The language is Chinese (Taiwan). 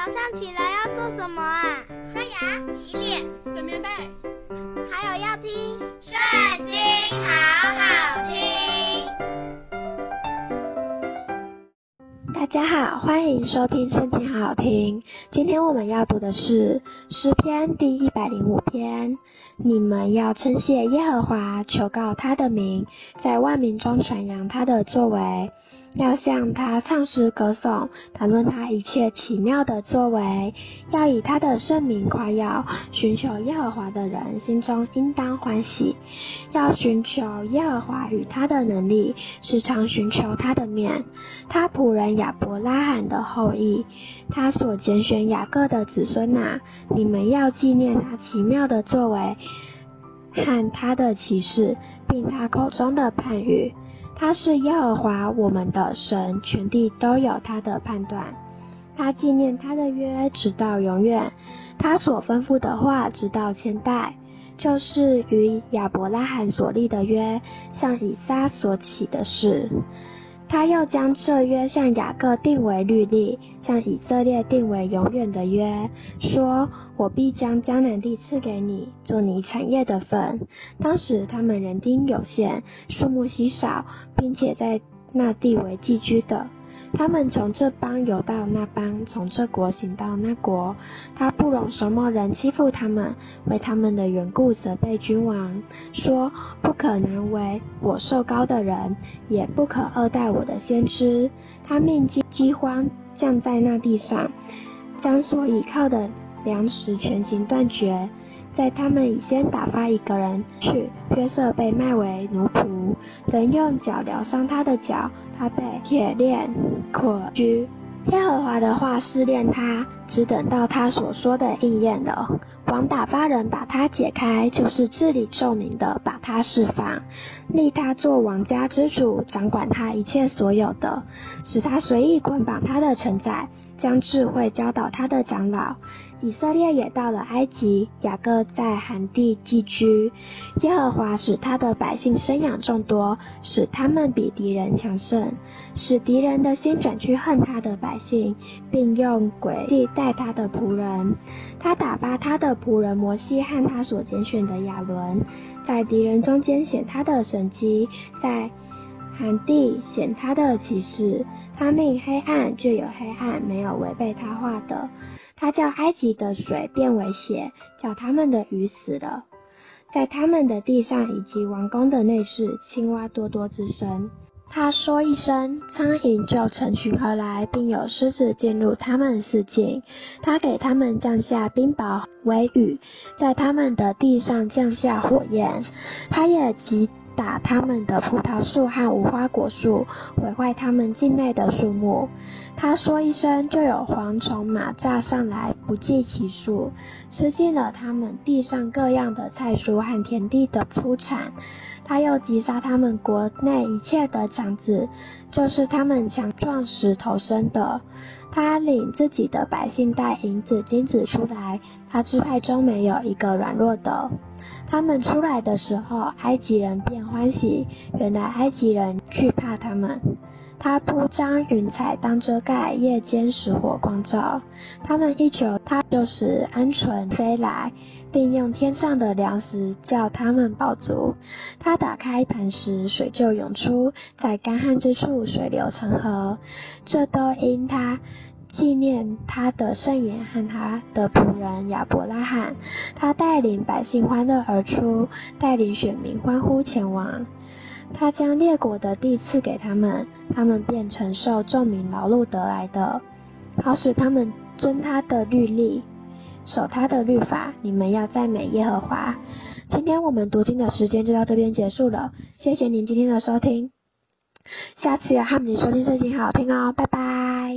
早上起來要做什麼啊？刷牙、洗臉、準備備。還有要聽《聖經》，好好聽。大家好，歡迎收聽《聖經》，好好聽。今天我們要讀的是詩篇第一百零五篇。你們要稱謝耶和華，求告他的名，在萬民中傳揚他的作為。要向他唱詩歌頌，談論他一切奇妙的作為，要以他的聖名誇耀，尋求耶和華的人心中應當歡喜。要尋求耶和華與他的能力，時常尋求他的面。他僕人亞伯拉罕的後裔，他所揀選雅各的子孫哪，你們要紀念他奇妙的作為，和他的奇事，並他口中的判語。他是耶和華我們的神，全地都有他的判斷。他紀念他的約，直到永遠。他所吩咐的話，直到千代，就是與亞伯拉罕所立的約，向以撒所起的誓。他又將這約向雅各定為律例，向以色列定為永遠的約，說：“我必將迦南地賜給你，作你產業的分。”當時，他們人丁有限，數目稀少，並且在那地為寄居的。他們從這邦遊到那邦，從這國行到那國，他不容什麼人欺負他們，為他們的緣故責備君王，說，不可難為我受膏的人，也不可惡待我的先知。他命饑荒降在那地上，將所倚靠的糧食全行斷絕，在他們以先打發一個人去，約瑟被賣為奴僕，人用腳鐐傷他的腳，他被鐵鏈。可，菊，耶和華的話試煉他，直等到他所說的應驗了，王打發人把他解開，就是治理眾民的，把他釋放，立他做王家之主，掌管他一切所有的，使他隨意捆綁他的臣宰，將智慧教導他的長老。以色列也到了埃及，雅各在含地寄居。耶和華使他的百姓生養眾多，使他們比敵人強盛，使敵人的心轉去恨他的百姓，並用詭計。在他的僕人，他打發他的僕人摩西和他所揀選的亞倫，在敵人中間顯他的神蹟，在含地顯他的奇事。他命黑暗，就有黑暗，沒有違背他話的。他叫埃及的水變為血，叫他們的魚死了。在他們的地上以及王宮的內室，青蛙多多滋生。他說一聲，蒼蠅就成群而來，並有虱子進入他們四境。他給他們降下冰雹為雨，在他們的地上降下火焰。他也擊打他們的葡萄樹和無花果樹，毀壞他們境內的樹木。他說一聲，就有蝗蟲螞蚱上來，不計其數，吃盡了他們地上各樣的菜蔬和田地的出產。他又擊殺他們國內一切的長子，就是他們強壯時頭生的。他領自己的百姓帶銀子、金子出來，他支派中沒有一個軟弱的。他們出來的時候，埃及人便歡喜，原來埃及人懼怕他們。他鋪張雲彩當遮蓋，夜間使火光照；他們一求他，就使鵪鶉飛來，並用天上的糧食叫他們飽足。他打開磐石，水就湧出，在乾旱之處水流成河。這都因他紀念他的聖言和他的僕人亞伯拉罕。他帶領百姓歡樂而出，帶領選民歡呼前往。他將列國的地賜給他們，他們便承受眾民勞碌得來的，好使他們遵他的律例，守他的律法。你們要讚美耶和華。今天我們讀經的時間就到這邊結束了，謝謝您今天的收聽。下次也歡迎您收聽聖經好好聽哦，拜拜。